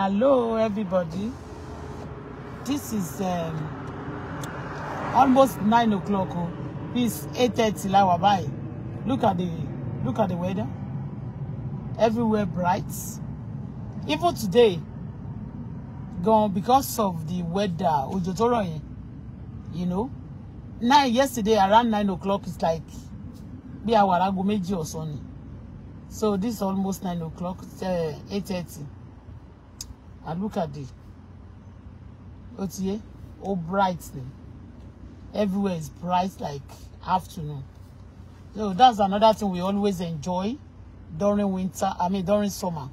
Hello, everybody. This is um, almost nine o'clock. Oh. It's eight thirty. Lawa báyìí. Look at the look at the weather. Everywhere bright. Even today, gone because of the weather. Òjò tó rọ̀ you know. Now yesterday around nine o'clock it's like bí àwa aago méjì ọ̀sán So this is almost nine o'clock, uh, eight thirty and look at the What's here? All ó bright ni everywhere is bright like afternoon so that's another thing we always enjoy during winter i mean during summer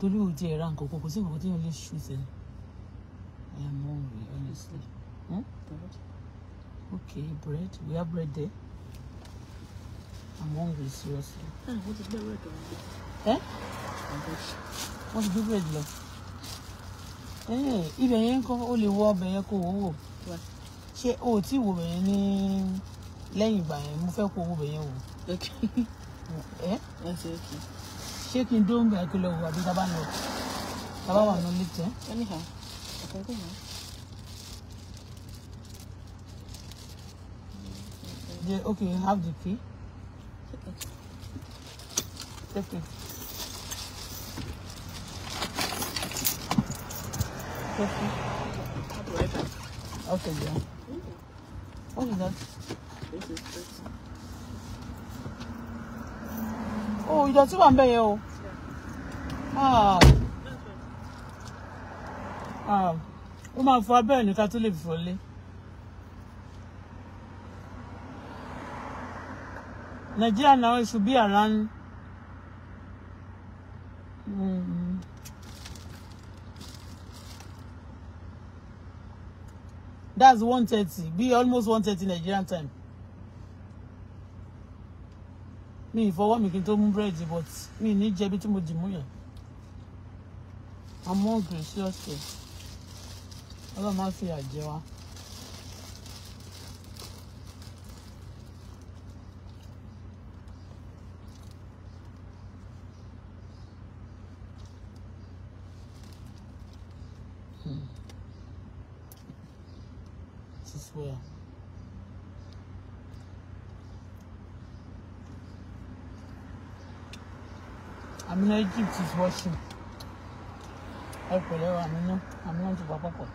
Tolu, o ti ẹ̀ra nǹkan kò sí nǹkan tí yóò lè ṣù sí i am hungry honestly hmm? okay bread we have bread there i'm hungry seriously. ah what is bread Eh? wọ́n ti gbé bridge lọ eh, ibẹ̀ yẹn kọ́ o lè wọ ọbẹ̀ yẹn kó o wò ṣé o ò tí ì wò bẹ̀ yẹn ní lẹ́yìn ìgbà yẹn mo fẹ́ kó o wò bẹ̀ yẹn wò eh? ṣé kí n dó ń bẹ̀ kí lọ wò àbí tá a bá lọ tá a bá wà ní lift ẹ́. Yeah, okay, you have the key. Take it. person. Okay, yeah. What is that? This is fruit. Oh, ìdọ̀tí wà ń bẹ̀ yẹn o. Ah. Ah. Ó máa fọ abẹ́ ẹ̀ ní ká tó lè fọ́ lé. Nigeria now should be around that's one thirty bí almost one thirty Nigerian time Me for mi kí n tó mú búrẹ́dì but me need jẹbi tí mo dì mú yẹn I'm hungry seriously ọlọ́run má fi àjẹ wa. this way. I'm in Egypt is washing. I am not, I'm not to Papa.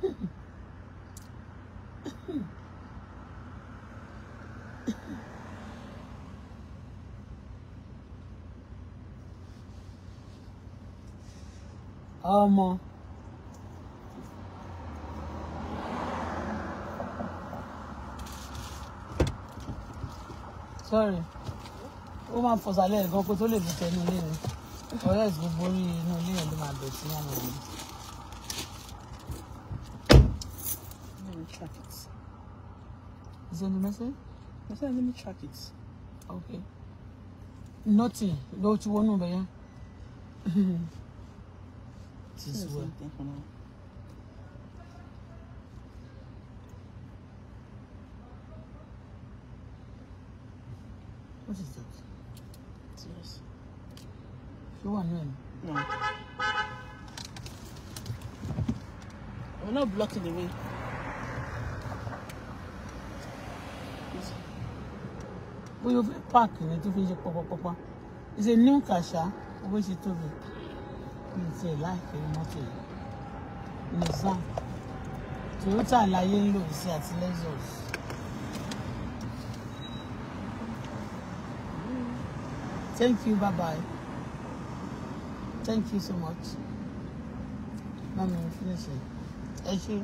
ọmọ sorry ó máa ń fọ̀sálẹ̀ ẹ̀gán kó tó lè fi tẹnu ilé mi ọ̀rẹ́ ìgbóborí inú ilé ẹ̀ ló máa bẹ̀ sí àwọn ọmọ let me track it. Is there the message? I said, let me track it. Okay. Nothing. Go to one number, yeah? this what. What is that? Yes. You want him? No. We're not blocking the way. bóyá o fẹ́ ni tó fi ṣe pọpọpọpọ ìṣe new kàṣá owó ṣe tóbi mi ò tiẹ̀ láìpẹ́ mọ́tò yìí nissan toyota láyé ń lò sí àti lexus. thank you bye bye thank you so much mami finish it ẹ ṣe.